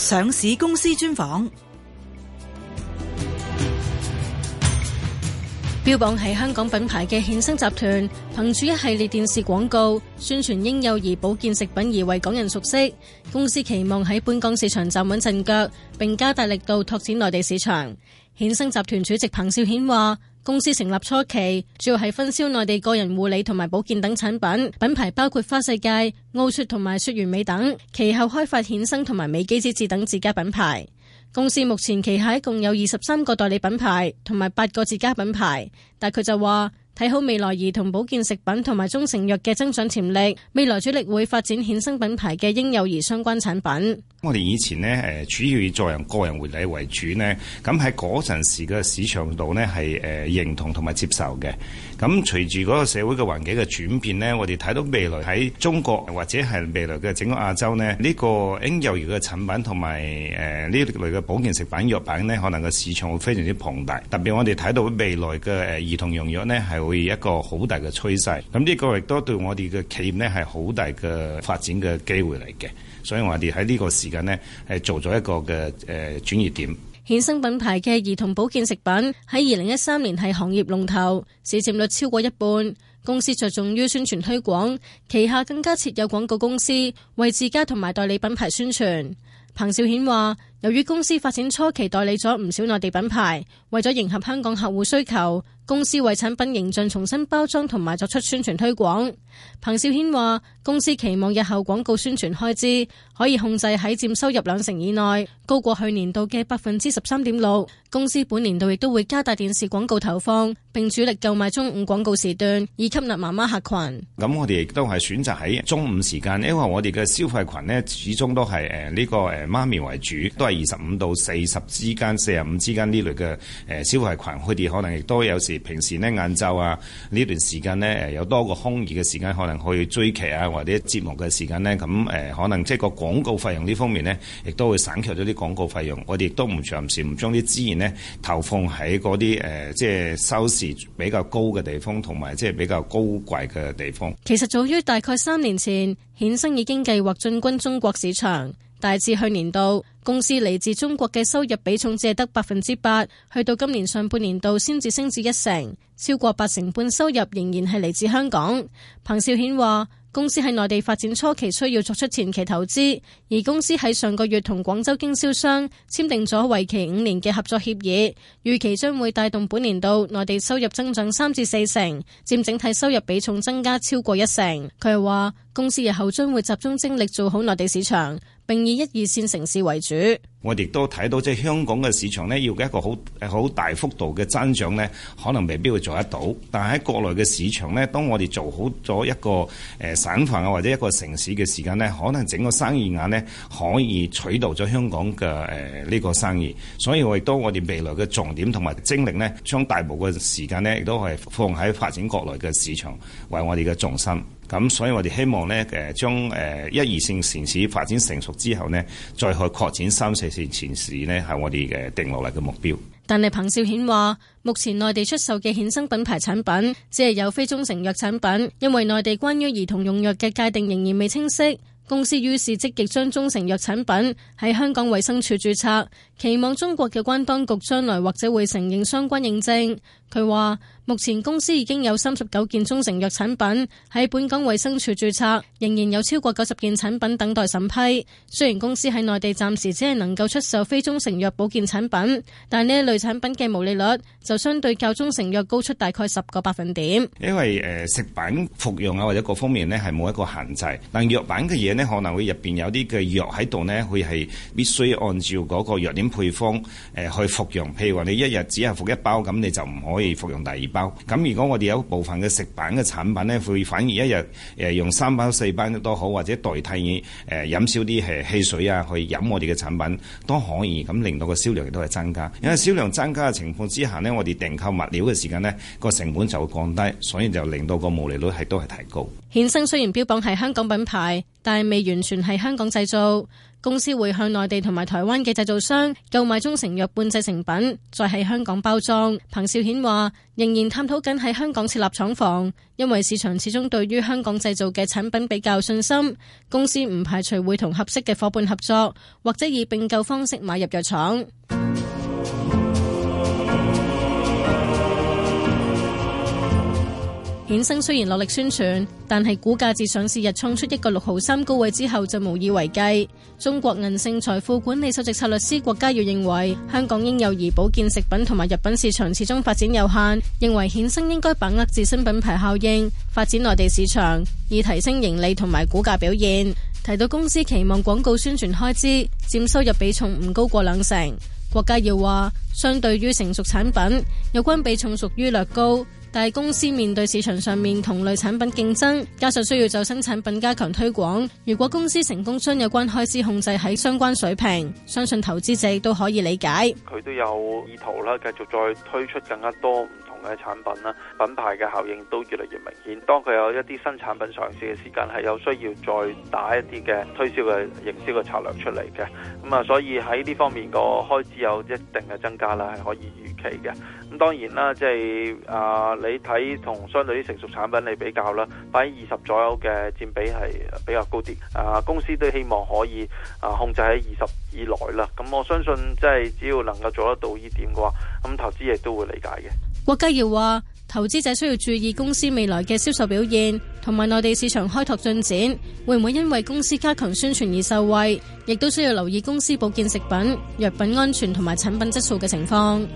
上市公司專訪，標榜喺香港品牌嘅衍生集團，憑住一系列電視廣告宣傳嬰幼兒保健食品而為港人熟悉。公司期望喺本港市場站穩陣腳，並加大力度拓展內地市場。衍生集團主席彭少衍話。公司成立初期主要係分銷內地個人護理同埋保健等產品，品牌包括花世界、澳雪同埋雪完美等。其後開發衍生同埋美肌之治等自家品牌。公司目前旗下一共有二十三個代理品牌同埋八個自家品牌。但佢就話睇好未來兒童保健食品同埋中成藥嘅增長潛力，未來主力會發展衍生品牌嘅嬰幼兒相關產品。我哋以前呢，誒，主要以做人個人護理為主呢，咁喺嗰陣時嘅市場度呢係誒認同同埋接受嘅。咁隨住嗰個社會嘅環境嘅轉變呢，我哋睇到未來喺中國或者係未來嘅整個亞洲呢，呢，呢個嬰幼兒嘅產品同埋誒呢類嘅保健食品、藥品呢，可能個市場會非常之龐大。特別我哋睇到未來嘅誒兒童用藥呢，係會一個好大嘅趨勢。咁，呢個亦都對我哋嘅企業呢，係好大嘅發展嘅機會嚟嘅。所以我哋喺呢個時間呢，係做咗一個嘅轉移點。衍生品牌嘅兒童保健食品喺二零一三年係行業龍頭，市佔率超過一半。公司着重於宣傳推廣，旗下更加設有廣告公司，為自家同埋代理品牌宣傳。彭少衍話，由於公司發展初期代理咗唔少內地品牌，為咗迎合香港客戶需求。公司為產品形象重新包裝同埋作出宣傳推廣。彭少衍話，公司期望日後廣告宣傳開支可以控制喺佔收入兩成以內，高過去年度嘅百分之十三點六。公司本年度亦都會加大電視廣告投放。並主力購買中午廣告時段，以吸納媽媽客群。咁我哋亦都係選擇喺中午時間，因為我哋嘅消費群咧始終都係誒，呢個誒媽咪為主，都係二十五到四十之間、四十五之間呢類嘅誒消費群。佢哋可能亦都有時平時咧晏晝啊呢段時間咧誒有多個空餘嘅時間，可能去追劇啊或者節目嘅時間咧，咁誒可能即係個廣告費用呢方面咧，亦都會省卻咗啲廣告費用。我哋亦都唔暫時唔將啲資源咧投放喺嗰啲誒即係收。比較高嘅地方，同埋即係比較高貴嘅地方。其實早於大概三年前，衍生已經計劃進軍中國市場。大致去年度，公司嚟自中國嘅收入比重只得百分之八，去到今年上半年度先至升至一成，超過八成半收入仍然係嚟自香港。彭少衍話。公司喺內地發展初期需要作出前期投資，而公司喺上個月同廣州經銷商簽訂咗為期五年嘅合作協議，預期將會帶動本年度內地收入增長三至四成，佔整體收入比重增加超過一成。佢又話。公司日後將會集中精力做好內地市場，並以一二線城市為主。我哋都睇到即係香港嘅市場咧，要一個好誒好大幅度嘅增長咧，可能未必會做得到。但係喺國內嘅市場咧，當我哋做好咗一個誒、呃、省份啊或者一個城市嘅時間咧，可能整個生意額咧可以取代咗香港嘅誒呢個生意。所以我亦都我哋未來嘅重點同埋精力咧，將大部分嘅時間咧亦都係放喺發展國內嘅市場為我哋嘅重心。咁所以我哋希望。咧，將一二線城市發展成熟之後咧，再去擴展三四線城市咧，係我哋嘅定落嚟嘅目標。但係彭少衍話，目前內地出售嘅衍生品牌產品，只係有非中成藥產品，因為內地關於兒童用藥嘅界定仍然未清晰，公司於是積極將中成藥產品喺香港衛生署註冊，期望中國嘅關當局將來或者會承認相關認證。佢話目前公司已經有三十九件中成藥產品喺本港衛生署注冊，仍然有超過九十件產品等待審批。雖然公司喺內地暫時只係能夠出售非中成藥保健產品，但呢類產品嘅毛利率就相對較中成藥高出大概十個百分點，因為誒食品服用啊或者各方面咧係冇一個限制，但藥品嘅嘢咧可能面會入邊有啲嘅藥喺度咧，佢係必須按照嗰個藥典配方誒去服用。譬如話你一日只係服一包，咁你就唔可以。可以服用第二包。咁如果我哋有部分嘅食品嘅產品咧，會反而一日誒用三包四包都好，或者代替你誒飲、呃、少啲係汽水啊，去飲我哋嘅產品都可以。咁令到個銷量亦都係增加。因為銷量增加嘅情況之下咧，我哋訂購物料嘅時間咧個成本就會降低，所以就令到個毛利率係都係提高。衍生雖然標榜係香港品牌，但係未完全係香港製造。公司會向內地同埋台灣嘅製造商購買中成藥半製成品，再喺香港包裝。彭少衍話，仍然探討緊喺香港設立廠房，因為市場始終對於香港製造嘅產品比較信心。公司唔排除會同合適嘅伙伴合作，或者以併購方式買入藥廠。衍生雖然落力宣傳，但係股價自上市日創出一個六毫三高位之後就無以為繼。中國銀盛財富管理首席策略師郭家耀認為，香港嬰幼兒保健食品同埋藥品市場始終發展有限，認為衍生應該把握自身品牌效應，發展內地市場，以提升盈利同埋股價表現。提到公司期望廣告宣傳開支佔收入比重唔高過兩成，郭家耀話，相對於成熟產品，有關比重屬於略高。但係公司面對市場上面同類產品競爭，加上需要就新產品加強推廣，如果公司成功將有關開支控制喺相關水平，相信投資者亦都可以理解。佢都有意圖啦，繼續再推出更加多嘅產品啦，品牌嘅效應都越嚟越明顯。當佢有一啲新產品上市嘅時間，係有需要再打一啲嘅推銷嘅營銷嘅策略出嚟嘅。咁啊，所以喺呢方面個開支有一定嘅增加啦，係可以預期嘅。咁當然啦，即係啊，你睇同相對啲成熟產品你比較啦，擺二十左右嘅佔比係比較高啲。啊，公司都希望可以啊控制喺二十以內啦。咁我相信即係只要能夠做得到呢點嘅話，咁投資亦都會理解嘅。郭家耀話：投資者需要注意公司未來嘅銷售表現，同埋內地市場開拓進展，會唔會因為公司加強宣傳而受惠，亦都需要留意公司保健食品、藥品安全同埋產品質素嘅情況。